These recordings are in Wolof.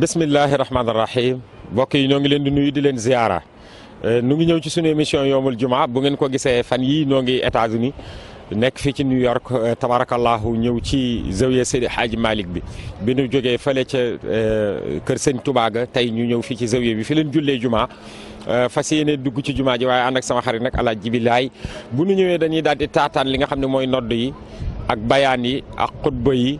bismillahi rahmaani rahim mbokk yi ñoo ngi leen di nuyu di leen ziyaara eh, nu ngi ñëw ci sunu émission yoomul jumaa bu ngeen ko gisee fan yii noo ngi États-Unis nekk fii ci New York eh, tabarakallahu ñëw ci zawiya Seydi Hadji Malick bi bi nu jógee fële ca eh, kër seen Tuubaa tey ñu ñëw fii ci zawiya bi fi leen jullee jumaa fas yéene dugg ci jumaa ji waaye ànd ak sama xarit nag alaaj jibilaay bu nu ñëwee dañuy daal di taataan li nga xam ne mooy nodd yi ak bayaan yi ak xutba yi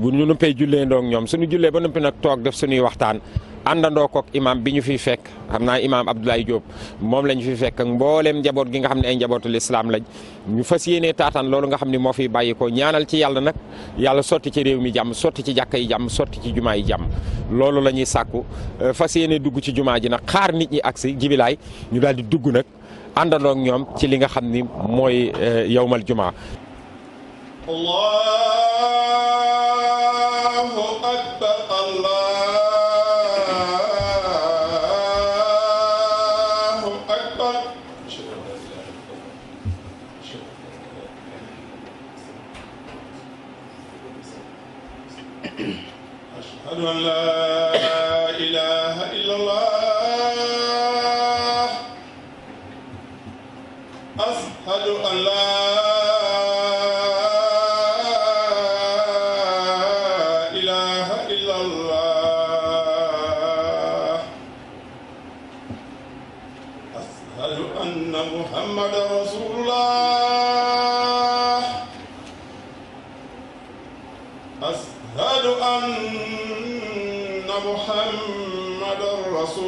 bu ñu nuppee jullee ndoog ñoom suñu jullee ba noppi nag toog def suñuy waxtaan àndandoo kook imaam bi ñu fi fekk xam naa imaam Abdoulaye Diop moom lañu fi fekk ak mbooleem njaboot gi nga xam ne ay njabootu lislaam lañ ñu fas yéenee taataan loolu nga xam ne moo fiy bàyyi ñaanal ci yàlla nag yàlla sotti ci réew mi jàmm sotti ci jàkka yi jàmm sotti ci jumaa yi jàmm loolu la ñuy sàkku euh, fas yéenee dugg ci jumaa ji nag xaar nit ñi agsi jibilaay ñu daal di dugg nag àndandoo ñoom ci li nga xam ni mooy euh, yowmal jumaa الله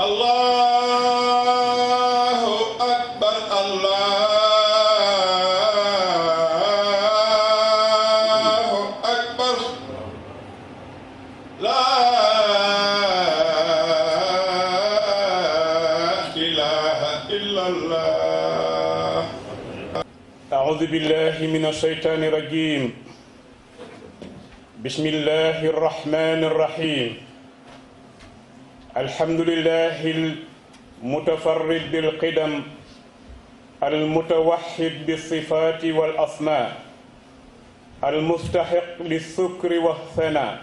allahu akbar allahu akbar laa ilaaha illallah أعوذ بالله من الشيطان الرجيم بسم الله الرحمن الرحيم الحمد لله المتفرد بالقدم المتوحد بالصفات والأسماء المستحق للسكر والثناء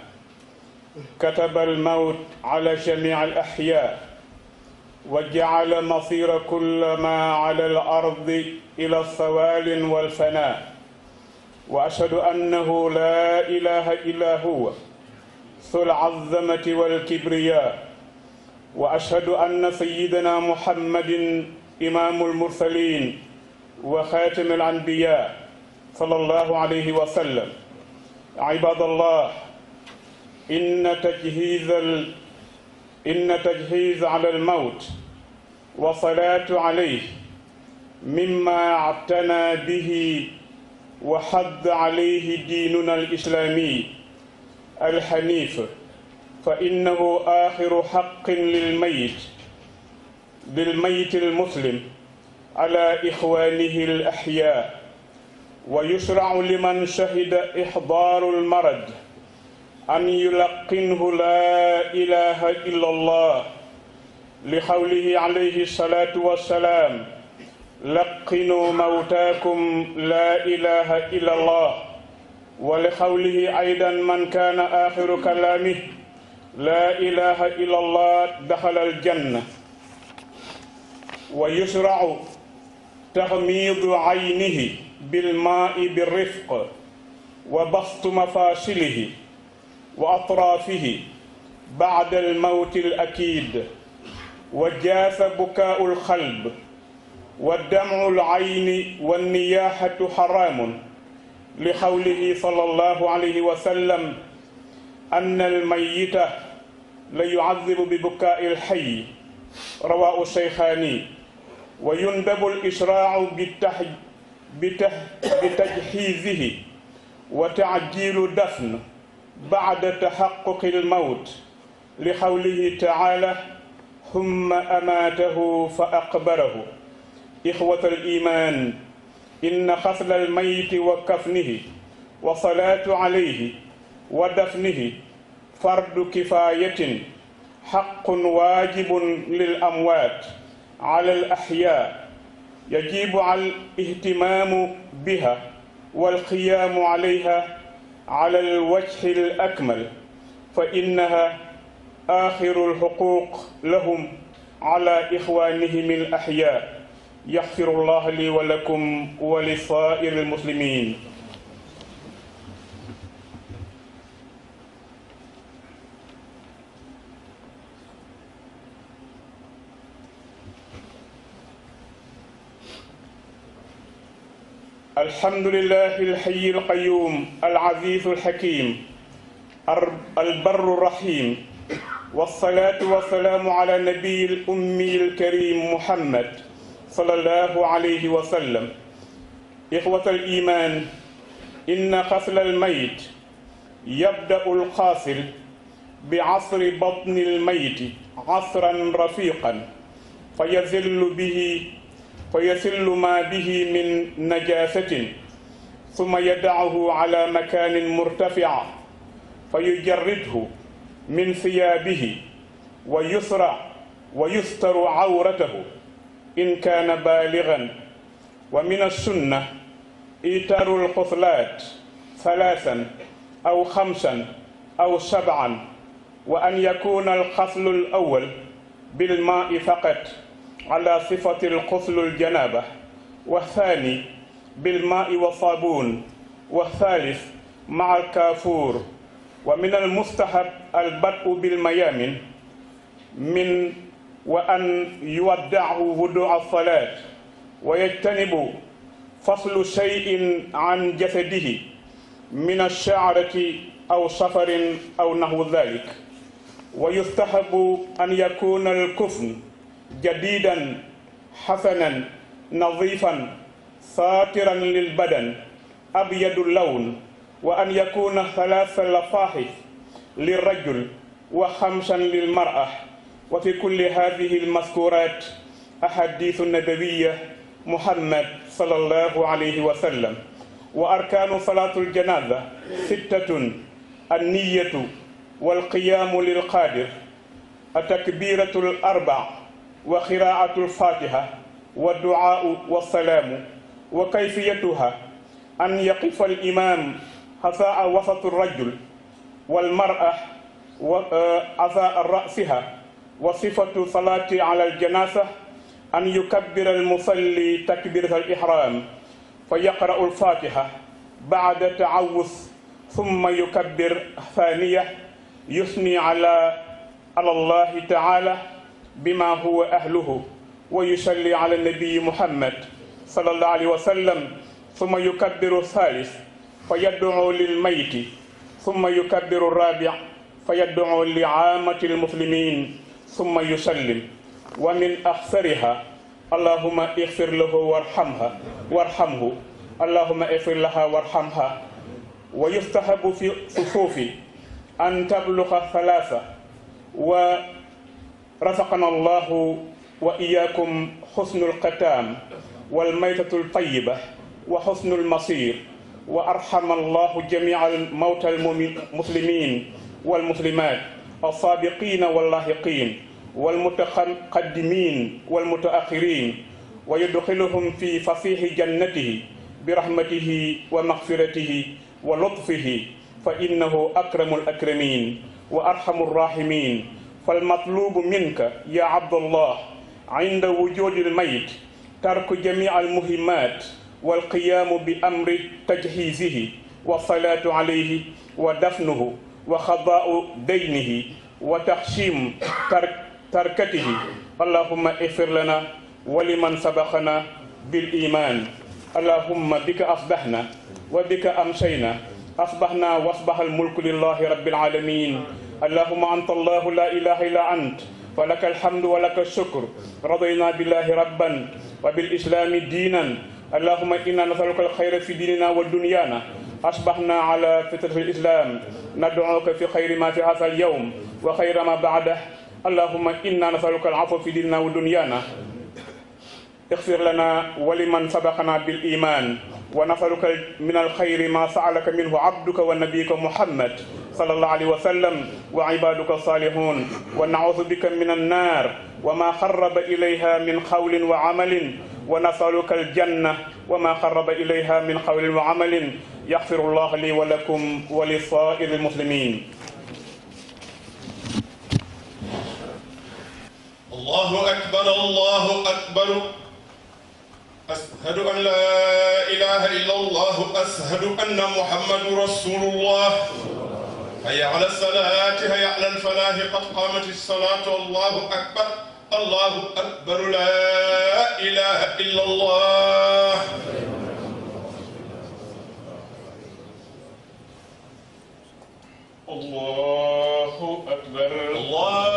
كتب الموت على جميع الأحياء وجعل مصير كل ما على الأرض إلى السوال والفناء وأشهد أنه لا إله إلا هو ذو العظمة والكبرياء واشهد ان سيدنا محمد امام المرسلين وخاتم الانبياء صلى الله عليه وسلم عباد الله ان تجهيز ال... ان تجهيز على الموت وصلاه عليه مما اعتنى به وحض عليه ديننا الاسلامي الحنيف fa innahu axiru xaqin lilmayit bilmayit almuslim ala ixwanihi alaxya wa yusracu liman shahida ixdaaru almarad an yulaqinhu laa ilaha illa allah lixawlihi alayhi salaatu wassalaam laqinuu mawtaakum laa ilaha illa allah wa lixawlihi aydan man kaana axiru kalaamih laa ilaha illa allah daxala aljanna wa yusrau taxmiidu aynihi bilmaai birifq wa bastu mafaasilihi wa atraafihi bacda almawti alakiid wa jaasa bukaau alxalb wa damcu alayni wa niyaaxatu xaraamun li xawlihi sallallahu alayhi wa sallam ann almayita la yucadibu bi bukaai alxayi rawaahu shaykhaani wa yundabu alishraacu bitajxiizihi wa tacjiilu dafn bacda taxaquqi almawt li qawlihi tacaala humma amaatahu fa aqbarahu ixwata alimaan inna xasla almayiti wa kafnihi wa salaatu calayhi wa dafnihi fardu kifayatin haqqun wajibun lil amwat ala al ahya yajibu al ihtimamu biha wal qiyamu alayha ala al wajhi al akmal fa innaha akhiru al huquq lahum ala ikhwanihim al ahya yaghfiru allah li wa lakum wa li sa'iri al muslimin الحمد لله الحي القيوم العزيز الحكيم البر الرحيم والصلاة والسلام على نبي الأمي الكريم محمد صلى الله عليه وسلم إخوة الإيمان إن غسل الميت يبدأ القاصر بعصر بطن الميت عصرا رفيقا فيزل به fa yasillu ma bihi min najasatin summa yadaahu ala makanin murtafia fa yujarridhu min siyaabihi wa yusra wa yustaru awratahu in kaana baaligan wa min alsunna itaaru alxuslaat salaasan aw xamsan aw sabcan wa an yakuna alxaslu alawal bilmaai faqat ala sifati alxuslu aljanaba والثاني بالماء والصابون والثالث مع الكافور ومن المستحب البدء بالميامن من وأن يودعه ودوع الصلاة ويجتنب فصل شيء عن جسده من الشعرة أو صفر أو نحو ذلك ويستحب أن يكون الكفن jadidan xasanan nadifan saatiran lilbadan abyadu lawn wa an yakuna thalatha lafaahif lirajul wa xamsan lilmara wa fi kulli hadihi almaskurat ahadisu nabawiya muhammad sallallahu alayhi wa sallam wa arkanu salatu aljanaza sittatun anniyatu walqiyaamu lilqaadir atakbiratu alarba wa qiraatu alfatiha wa duaau wassalaamu wa kayfiyatuha an yaqifa alimam xasaa wasatu rajul walmara wa eh, asaa rasiha wa sifatu salaati ala aljanasa an yukabbira almusalli takbirat alihram fa yaqra'u alfatiha bacda taawus summa yukabbir thaniya yusni ala ala allahi taala bima huwa ahluhu wa yusalli ala nabii muhammad sallallahu alayhi wa sallam summa yukabbiru thalith fa yad'u lil mayti summa yukabbiru rabi' fa yad'u li aamati lmuslimin summa yusallim wa min aksariha allahuma igfir lahu warhamha warhamhu allahuma igfir laha warhamha wa yustahabu fi sufufi an tablugha thalatha wa رزقنا الله وإياكم حسن الختام والميتة الطيبة وحسن المصير وأرحم الله جميع الموتى المسلمين والمسلمات السابقين واللاحقين والمتقدمين والمتأخرين ويدخلهم في فصيح جنته برحمته ومغفرته ولطفه فإنه أكرم الأكرمين وأرحم الراحمين فالمطلوب منك يا عبد الله عند وجود الميت ترك جميع المهمات والقيام بأمر تجهيزه والصلاة عليه ودفنه وخضاء دينه وتحشيم ترك تركته اللهم اغفر لنا ولمن سبقنا بالإيمان اللهم بك أصبحنا وبك أمسينا أصبحنا وأصبح الملك لله رب العالمين اللهم أنت الله لا إله إلا أنت ولك الحمد ولك الشكر رضينا بالله ربا وبالإسلام دينا اللهم إنا نسألك الخير في ديننا ودنيانا أصبحنا على فترة الإسلام ندعوك في خير ما في هذا اليوم وخير ما بعده اللهم إنا نسألك العفو في ديننا ودنيانا اغفر لنا ولمن سبقنا بالإيمان wa nasaluka min alxayri ma saalaka minhu abduka wa nabiyuka muhammad sallallahu alayhi wa sallam wa ibaduka salihun wa naudu bika min annar wa ma xaraba ilayha min xawlin wa amalin wa nasaluka aljanna wa ma xaraba ilayha min xawlin wa amalin yaxfiru llah li wa lakum wa li saa'iri almuslimin allahu akbar allahu akbar أشهد أن لا إله إلا الله أشهد أن محمد رسول الله هيا على الصلاة هيا على الفلاح قد قامت الصلاة الله أكبر الله أكبر لا إله إلا الله الله أكبر الله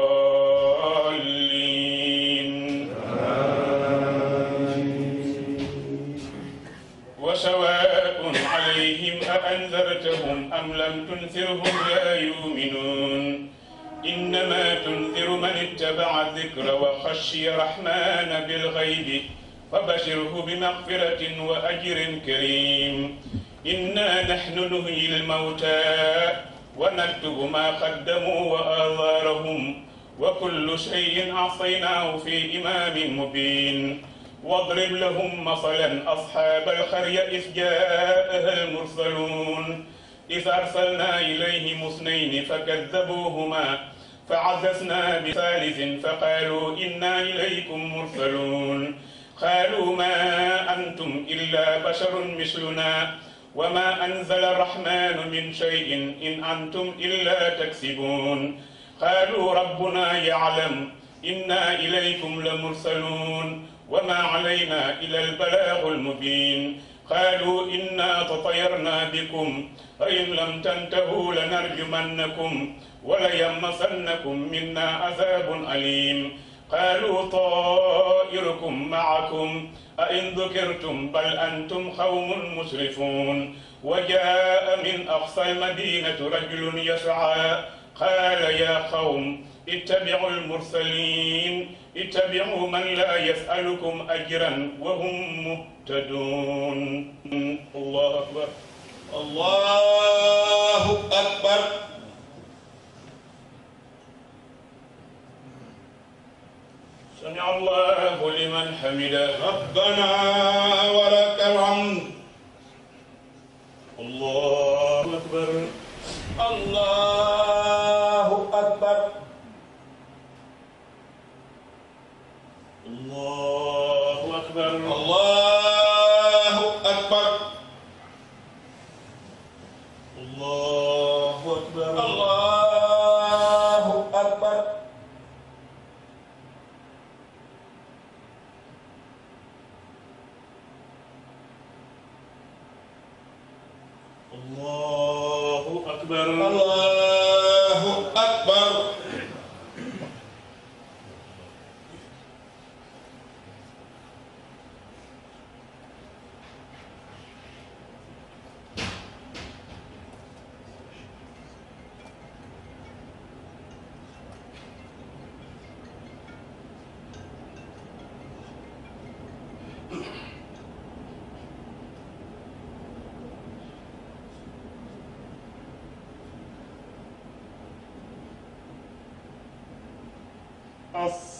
لم تنذرهم لا يؤمنون إنما تنذر من اتبع الذكر وخشي الرحمن بالغيب فبشره بمغفرة وأجر كريم إنا نحن نهي الموتى ونكتب ما قدموا وآثارهم وكل شيء عصيناه في إمام مبين واضرب لهم مثلا أصحاب القرية إذ جاءها المرسلون إذ أرسلنا إليهم اثنين فكذبوهما فعززنا بثالث فقالوا إنا إليكم مرسلون قالوا ما أنتم إلا بشر مثلنا وما أنزل الرحمن من شيء إن أنتم إلا تكسبون قالوا ربنا يعلم إنا إليكم لمرسلون وما علينا إلا البلاغ المبين قالوا إنا تطيرنا بكم فإن لم تنتهوا لنرجمنكم وليمسنكم منا عذاب أليم قالوا طائركم معكم أئن ذكرتم بل أنتم قوم مسرفون وجاء من أقصى المدينة رجل يسعى قال يا قوم اتبعوا المرسلين ittabi'u man laa yas'alukum ajran wa hum muhtadun allahu akbar allahu akbar sami'a allahu liman hamida rabbana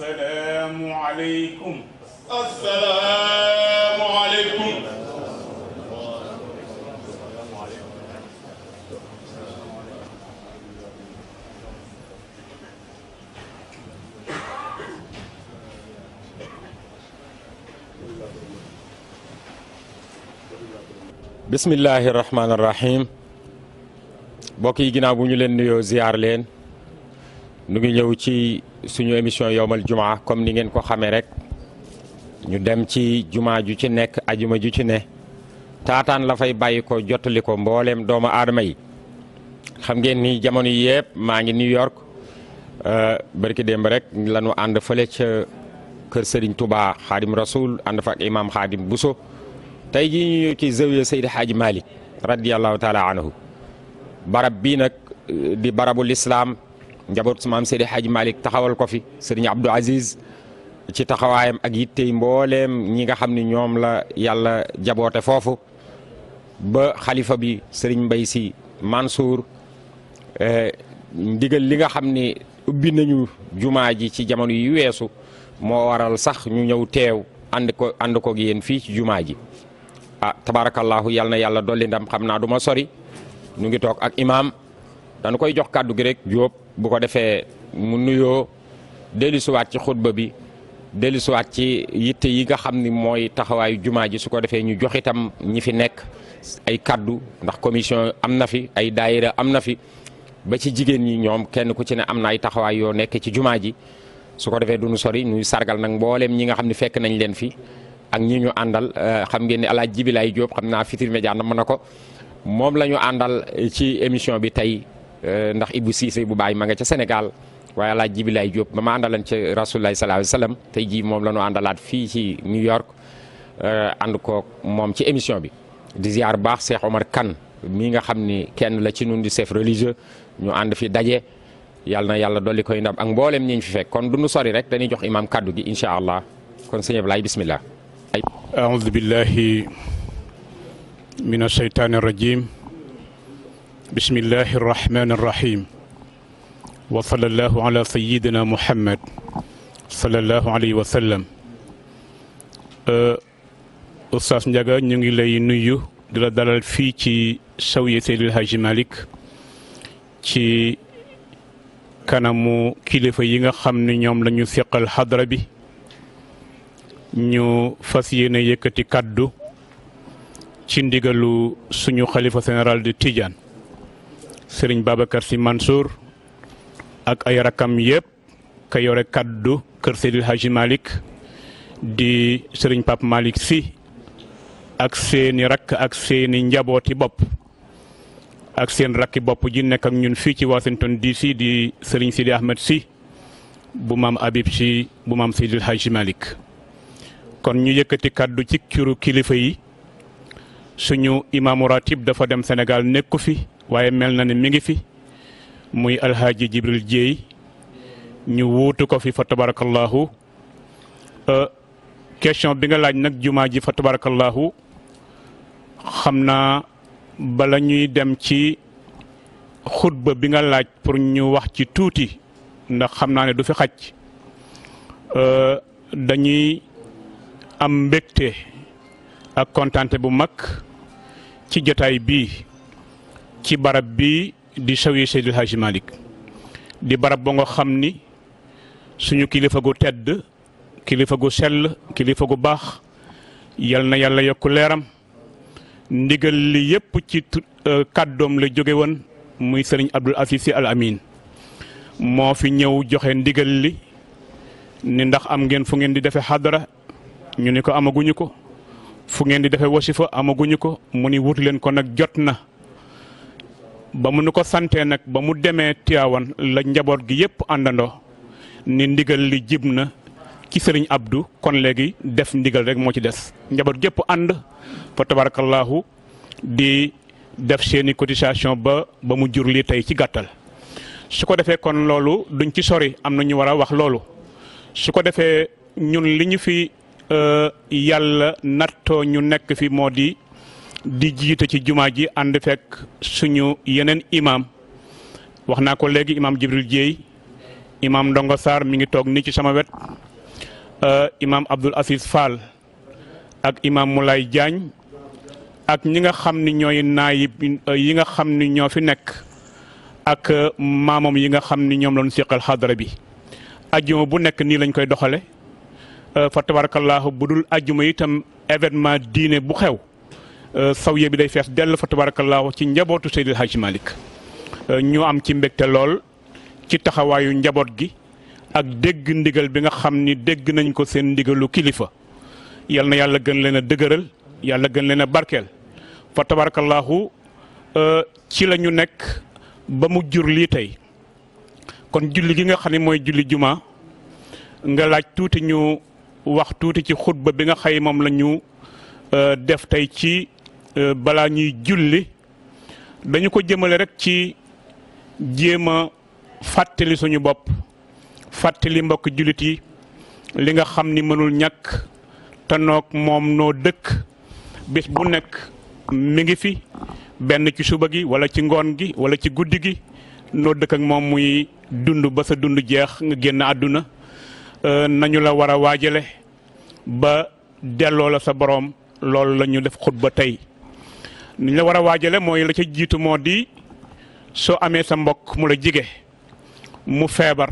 السلام عليكم السلام عليكم bismillahi rahmaani rahim mbokk yi ginnaaw bu ñu leen nuyoo ziyaar leen nu ngi ñëw ci suñu émission yowmal jumaa comme ni ngeen ko xamee rek ñu dem ci jumaa ju ci nekk ajuma ju ci ne taataan la fay bàyyi ko jottali ko mbooleem doomu aadama yi xam ngeen ni jamono yi yëpp maa ngi New York euh, barki démb rek la ñu ànd fële ca kër sëriñ tubaa Xaadim Rasoul ànd fa ak imaam Xaadim Bousso tey jii ñu ñëw ci zawiya Seydi Hadji Malick radiyallahu taala anhu barab bii di barabul islaam njabootu maam Seydi Hadji Malick taxawal ko fi sëriñ Abdou Aziz ci taxawaayam ak yittey mbooleem ñi nga xam ni ñoom la yàlla jaboote foofu ba xalifa bi sëriñ Mbaye Sy Mansour eh, ndigal li nga xam ni ubbi nañu jumaa ji ci jamono yi weesu moo waral sax ñu ñëw teew ànd ko ànd ko yéen fii ci jumaa ji ah tabaarakallaahu yàlla na yàlla dolli ndam xam naa du ma sori ñu ngi toog ak imaam danu koy jox kàddu gi rek Diop bu ko defee mu nuyoo dellusiwaat ci xutba bi dellusiwaat ci yitte yi nga xam ni mooy taxawaayu jumaa ji su ko defee ñu jox itam ñi fi nekk ay kàddu ndax commission am na fi ay daayira am na fi ba ci jigéen ñi ñoom kenn ku ci ne am na ay taxawaay yoo nekk ci jumaa ji su ko defee duñu sori nu sargal nag mbooleem ñi nga xam ni fekk nañ leen fi ak ñi ñu àndal euh, xam ngeen ne alaaj Jibi Laay Jóob xam naa Futurs Médias na mën na ko moom lañu àndal ci émission bi tey Euh, ndax Ibou Cissé bu bàyyi ma nga ca Sénégal waaye alaaj Jibilaay Diop ma ma àndalan ca Rasulullah sallallahu tey jii moom la ñu àndalaat fii ci New York euh, ànd ko moom ci émission bi di ziar baax Cheikh Omar Kane mi nga xam ni kenn la ci nun di chef religieux ñu ànd fi daje yàlla na yàlla dolli koy ndam ak mboolem ñi fi fekk kon du ñu sori rek dañuy jox imaam kaddu gi incha allah kon sëñ Ablaye bismillah. aoudu billahi mina shaytaani rajim. bismillahi irrahmani irrahim wa sallallahu ala muhammad sallallahu alayhi wa sallam euh, Oustaz ñu ngi lay nuyu di la dalal fii ci sawiya Seydil Hadji ci kanamu kilifa yi nga xam ni ñoom lañu ñu seqal xadra bi ñu fas yéene yëkkati kàddu ci ndigalu suñu xalifa général de Tidiane sëriñ Babacar Sy Mansour ak ay rakkam yëpp ka yore kaddu kër Seydil Hadji Malick di sëriñ Pape Malick Sy ak seeni rakk ak seeni njabooti bopp ak seen rakki bopp ji nekk ak ñun fii ci Washington DC di sëriñ Sidi Ahmed si bu maam Habib Sy bu maam Seydil Hadji Malick kon ñu yëkkati kàddu ci curu kilifa yi suñu imaamu ratib dafa dem senegal nekku fi waaye mel na ne mi ngi fi muy alxaaji jibril jéey ñu wuutu ko fi fa tabarakallahu euh, question bi nga laaj nag jumaa ji fa tabarakallahu xam naa bala ñuy dem ci xutba bi nga laaj pour ñu wax ci tuuti ndax xam naa ne du fi xaj euh, dañuy am mbégte ak kontaante bu mag ci jotaay bii ci barab bii di sawi Seydil Hadji Malick di barab ba nga xam ni suñu kilifa gu tedd kilifa gu sell kilifa gu baax yal na yàlla yokk leeram ndigal li yépp ci euh, kàddoom la jóge woon muy sëriñ Abdul Aziz si Al Amin moo fi ñëw joxe ndigal li ni ndax am ngeen fu ngeen di defe xadara ñu ni ko amaguñu ko fu ngeen di defe wasifa amaguñu ko mu ni wut leen ko nag jot na ba mu nu ko santee nag ba mu demee Tiwaawan la njaboot gi yëpp àndandoo ni ndigal li jib na ci sëriñ Abdou kon léegi def ndigal rek moo ci des njaboot gépp ànd fa tabarakallahu di def seeni cotisation ba ba mu jur lii tey ci gàttal su ko defee kon loolu duñ ci sori am na ñu war a wax loolu su ko defee ñun li ñu fi euh, yàlla nattoo ñu nekk fi moo di di jiite ci jumaa ji ànd fekk suñu yeneen imaam wax naa ko léegi imaam Jibril Dieye imaam Ndongo Sarr mi ngi toog nii ci sama wet euh, imaam Abdoul Aziz Fall ak imaam Moulay Diagne ak ñi nga xam ni ñooy naayib yi nga xam ni ñoo fi nekk ak euh, maamam yi nga xam ni ñoom lañu seqal xadara bi ajjuma bu nekk nii lañ koy doxale euh, fa tabarakallahu bu dul ajjuma itam événement diine bu xew Euh, sawiya bi day fees dell fa tabaarakallaahu ci njabootu Seydil Hadji Malick euh, ñu am ci mbégte lool ci taxawaayu njaboot gi ak dégg ndigal bi nga xam ni dégg nañ ko seen ndigalu kilifa yal na yàlla gën leen a dëgëral yàlla gën leen a barkeel fa tabaarakallaahu euh, ci la ñu nekk ba mu jur lii tey kon julli gi nga xam ni mooy julli juma nga laaj tuuti ñu wax tuuti ci xutba bi nga xay moom lañu def tey ci Euh, balaa ñuy julli dañu ko jëmale rek ci jéem a fàttali suñu bopp fàttali mbokk jullit yi li nga xam ni mënul ñàkk te noog moom noo dëkk bis bu nekk mi ngi fi benn ci suba gi wala ci ngoon gi wala ci guddi gi noo dëkk moom muy dund ba sa dund jeex nga génn àdduna euh, nañu la war a waajale ba delloo la sa boroom loolu lañu ñu def xutba tey ni la war a waajale mooy la ca jiitu moo di soo amee sa mbokk mu la jige mu feebar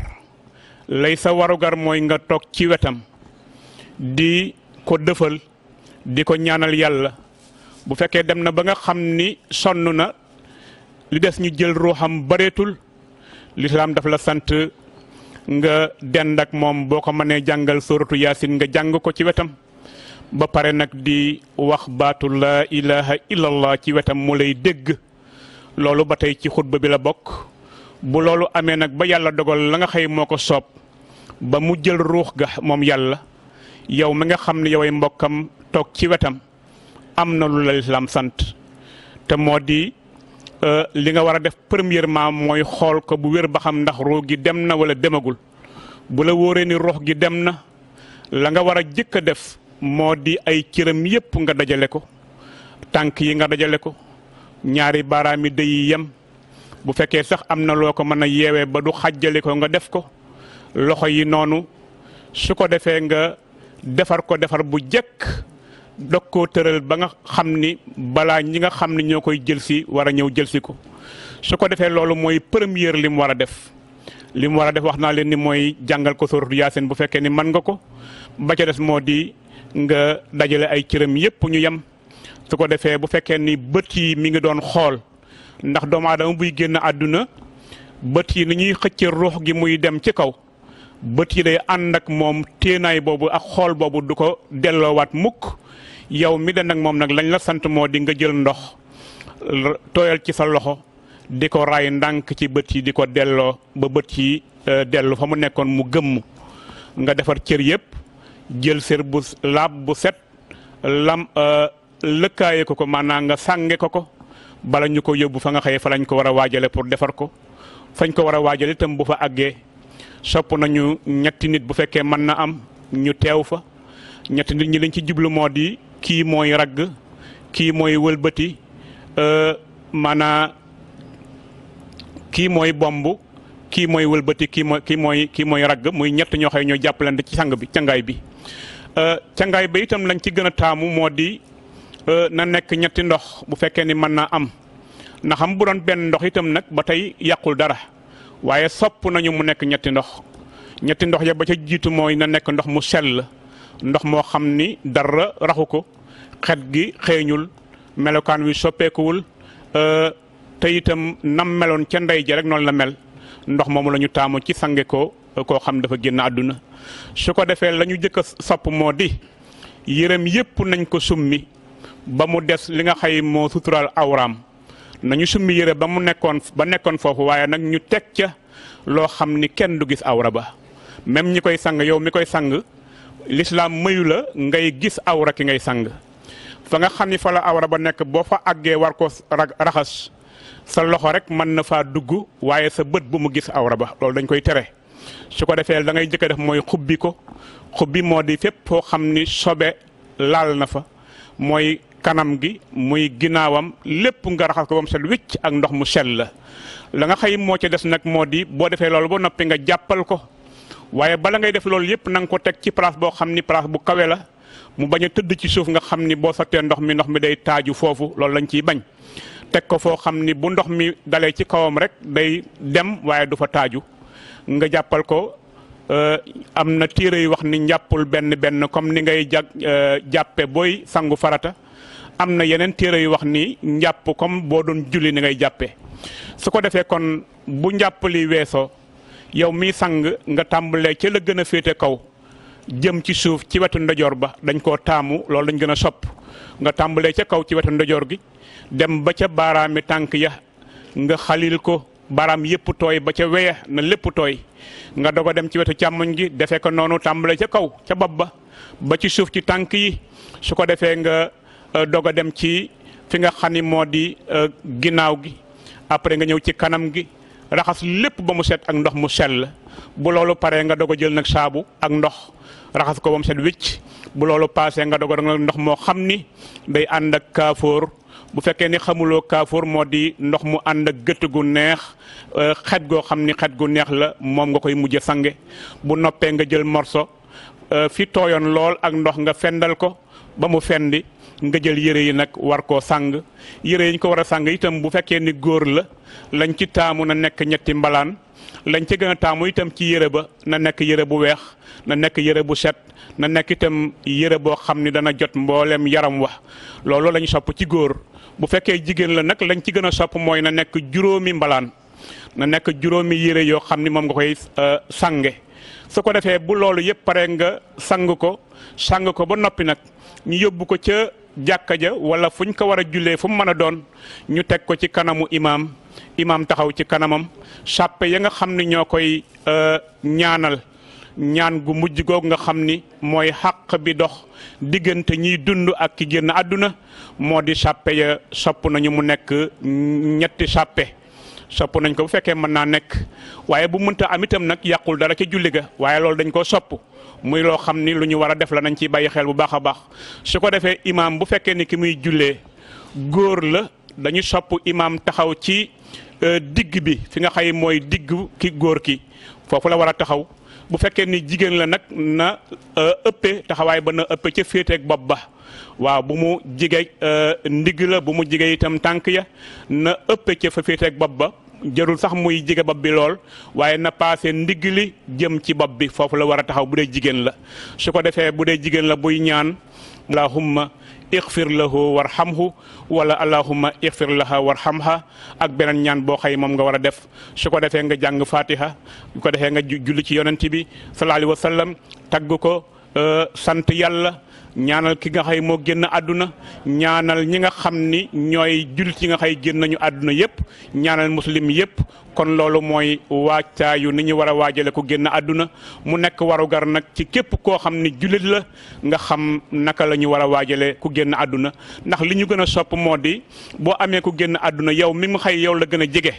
lay sa warugar mooy nga toog ci wetam di ko dëfal di ko ñaanal yàlla bu fekkee dem na ba nga xam ni sonn na li des ñu jël ruuxam bareetul li lislaam daf la sant nga dend moom boo ko mënee jàngal sóoratu yaasin nga jàng ko ci wetam ba pare nag di wax baatu laa ilaha illallah ci wetam mu lay dégg loolu ba tey ci xutba bi la bokk bu loolu amee nag ba yàlla dogal la nga xëy moo ko soob ba mu jël ruux ga moom yàlla yow mi nga xam ne yoway mbokkam toog ci wetam am na lu la lislaam sant te moo di euh, li nga war a def premièrement mooy xool ko bu wér ba xam ndax ruux gi dem na wala demagul bu la wóoree ni ruux gi dem na la nga war a jëkk a def moo di ay cëram yépp nga dajale ko tànk yi nga dajale ko ñaari baaraam yi day yem bu fekkee sax am na loo ko mën a yeewee ba du xajjale ko nga def ko loxo yi noonu su ko defee nga defar ko defar bu jekk dog koo tëral ba nga xam ni balaa ñi nga xam ni ñoo koy jël si war a ñëw jël si ko su ko defee loolu mooy première li mu war a def li mu war a def wax naa leen ni mooy jàngal ko suuratu yaasin bu fekkee ni mën nga ko ba ca des moo di nga dajale ay cëram yépp ñu yem su ko defee bu fekkee ni bët yi mi ngi doon xool ndax doomu aadama buy génn àdduna bët yi ni ñuy xëcce ruux gi muy dem ci kaw bët yi day ànd ak moom téenaay boobu ak xool boobu du ko delloowaat mukk yow mi da nag moom nag lañ la sant moo di nga jël ndox tooyal ci sa loxo di ko raay ndànk ci bët yi di ko delloo ba bët yi euh, dellu fa mu nekkoon mu gëmmu nga defar cër yépp jël sér bu laab bu set lam euh, lëkkaaye ko ko maanaam nga sànge ko ko bala ñu ko yóbbu fa nga xëyee fa lañ ko war a waajale pour defar ko fañ ko war a waajale itam bu fa àggee sopp nañu ñetti nit bu fekkee mën na am ñu teew fa ñetti nit ñi lañ ci jublu moo di kii mooy ragg kii mooy wëlbati euh, maanaa kii mooy bomb kii mooy wëlbati kii mooy kii mooy kii mooy ragg muy ñett ñoo xëy ñoo jàppalante ci sang bi cangaay bi Euh, cangaay ba itam lañ ci gën a taamu moo di euh, na nekk ñetti ndox bu fekkee ni mën naa am na xam bu doon benn ndox itam nag ba tey yàqul dara waaye sopp nañu mu nekk ñetti ndox ñetti ndox ya ba ca jiitu mooy na nekk ndox mu sell ndox moo xam ni dara raxu ko xet gi xeeñul melokaan wi soppeekuwul euh, te itam nam meloon ca ndey ja rek noonu la mel ndox moomu la ñu taamu ci sange ko koo xam dafa génn àdduna su ko defee lañu ñu jëkk sopp moo di yërëm yépp nañ ko summi ba mu des li nga xay moo sutural awraam nañu summi yëre ba mu nekkoon ba nekkoon foofu waaye nag ñu teg ca loo xam ni kenn du gis awra ba même ñi koy sang yow mi koy sang lislaam mayu la ngay gis awra ki ngay sang fa nga xam ni fa la awra ba nekk boo fa àggee war ko raxas sa loxo rek mën na faa dugg waaye sa bët bu mu gis awra ba loolu dañ koy tere su ko defee dangay ngay njëkk def mooy xubbi ko xubbi moo di fépp foo xam ni sobe laal na fa mooy kanam gi muy ginnaawam lépp nga raxas ko ba mu set wicc ak ndox mu sell la la nga xëy moo ci des nag moo di boo defee loolu ba noppi nga jàppal ko waaye bala ngay def loolu yépp na nga ko teg ci place boo xam ni place bu kawe la mu bañ a tëdd ci suuf nga xam ni boo sottee ndox mi ndox mi day taaju foofu loolu lañ ciy bañ teg ko foo xam ni bu ndox mi dalee ci kawam rek day dem waaye du fa taaju nga jàppal ko euh, am na téere yu wax ni njàppul benn benn comme ni ngay jag euh, jàppe booy sangu farata am na yeneen téere yu wax ni njàpp comme boo doon julli ni ngay jàppee su ko defee kon bu njàpp li weesoo yow miy sang nga tàmbalee ca la gën a féete kaw jëm ci suuf ci wetu ndojoor ba dañ koo taamu loolu dañ gën a sopp nga tàmbalee ca kaw ci wetu ndojoor gi dem ba ca baaraami tànk ya nga xalil ko baraam yëpp tooy ba ca weya na lépp tooy nga doog a dem ci wetu càmmoñ gi defee ko noonu tàmbale ca kaw ca bopp ba ba ci suuf ci tànk yi su ko defee nga euh, doog a dem ci fi nga xam ni moo di euh, ginnaaw gi après nga ñëw ci kanam gi raxas lépp ba mu set ak ndox mu sell bu loolu paree nga doog jël nag saabu ak ndox raxas ko ba mu set wicc bu loolu paasee nga doog a ndox moo xam ni day ànd ak kaafoor bu fekkee ni xamuloo kaafoor moo di ndox mu ànd ak gëtt gu neex euh, xet goo xam ni xet gu neex la moom nga koy mujj sange bu noppee nga jël morso euh, fi tooyoon lool ak ndox nga fendal ko ba mu fendi nga jël yére yi nag war koo sàng yére yi ñu ko war a sàng itam bu fekkee ni góor la lañ ci taamu na nekk ñetti mbalaan lañ ci gën a taamu itam ci yére ba na nekk yére bu weex na nekk yére bu set na nekk itam yére boo xam ni dana jot mboolem yaram wa loolu lañ sopp ci góor bu fekkee jigéen la nag lañ ci gën a sopp mooy na nekk juróomi mbalaan na nekk juróomi yére yoo xam ni moom nga koy euh, sànge su ko defee bu loolu yëpp pare nga sang ko sang ko ba noppi nag ñu yóbbu ko ca jàkka ja wala fu ñu ko war a jullee fu mu mën a doon ñu teg ko ci kanamu imaam imaam taxaw ci kanamam sàppe ya nga xam ni ñoo koy euh, ñaanal ñaan gu mujj googu nga xam ni mooy xàq bi dox diggante ñiy dund ak ki génn àdduna moo di sàppe ya sopp nañu mu nekk ñetti sàppe sopp nañ ko bu fekkee mën naa nekk waaye bu mënta am itam nag yàqul dara ci julli ga waaye loolu dañ koo sopp muy loo xam ni lu ñu war a def la nañ ciy bàyyi xel bu baax a baax su ko defee imaam bu fekkee ni ki muy jullee góor la dañu sopp imaam taxaw ci euh, digg bi fi nga xay mooy digg ki góor ki foofu la war a taxaw bu fekkee ni jigéen la nag na euh, ëppee taxawaay ba na ëppee ca féeteeg bopp ba waaw bu mu jige euh, ndigg la bu mu jige itam tànk ya na ëppee ca fa bopp ba jërul sax muy jige bopp bi lool waaye na paase ndigg li jëm ci bopp bi foofu la war a taxaw bu dee jigéen la su ko defee bu dee jigéen la buy ñaan allahumma ixfir lahu warhamhu wala allahumma ixfir laha warhamha ak beneen ñaan boo xëy moom nga war a def su ko defee nga jàng fatiha su ko defee nga julli ci yonent bi sallallahu alayhi wa sallam tagg ko euh, sant yàlla ñaanal ki nga xay moo génn àdduna ñaanal ñi nga xam ni ñooy jullit yi nga xay génn nañu àdduna yépp ñaanal muslim yépp kon loolu mooy waajtaayu ni ñu war a waajale ku génn àdduna mu nekk warugar nag ci képp koo xam ni jullit la nga xam naka la ñu war a waajale ku génn àdduna ndax li ñu gën a sopp moo di boo amee ku génn àdduna yow mi mu xay yow la gën a jege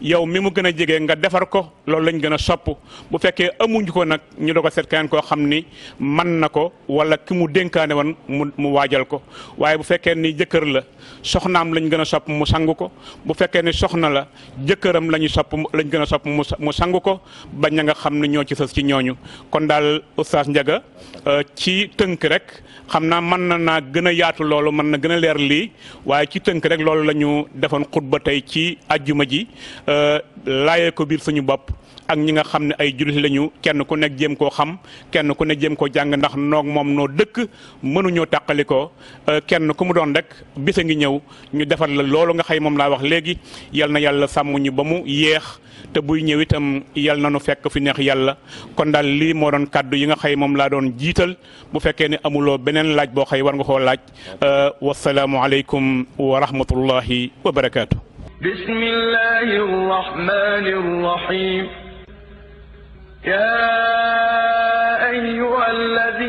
yow mi mu gën a jege nga defar ko loolu lañ gën a sopp bu fekkee amuñu ko nag ñu doog a seet keneen koo xam ni man na ko wala ki mu dénkaane woon mu mu waajal ko waaye bu fekkee nii jëkkër la soxnaam lañ gën a sopp mu sang ko bu fekkee ne soxna la jëkkëram lañu sopp lañ gën a sopp mu sang ko bañ ña nga xam ne ñoo ci sës ci ñooñu kon daal oustaz njaga euh, ci tënk rek xam naa mën na naa gën a yaatu loolu mën na gën a leer lii waaye ci tënk rek loolu lañu ñu defoon xutba tey ci àjjuma ji euh, laayee ko biir suñu bopp ak ñi nga xam ne ay jullit lañu kenn ku nekk jéem koo xam kenn ku nekk jéem koo jàng ndax noog moom noo dëkk mënuñoo tàqali ko euh, kenn ku mu doon rekk bisa ngi ñëw ñu defar la loolu nga xëy moom laa wax léegi yal na yàlla sàmm ñu ba mu yéex te buy ñëw itam yal na nu fekk fi neex yàlla kon daal lii moo doon kàddu yi nga xëy moom laa doon jiital bu fekkee ne amuloo beneen laaj boo xëy war nga koo laaj euh, wasalaamu aleykum wa rahmatullahi wa barakaatu. bismillahi rahmaani rahim. يا أيها الذين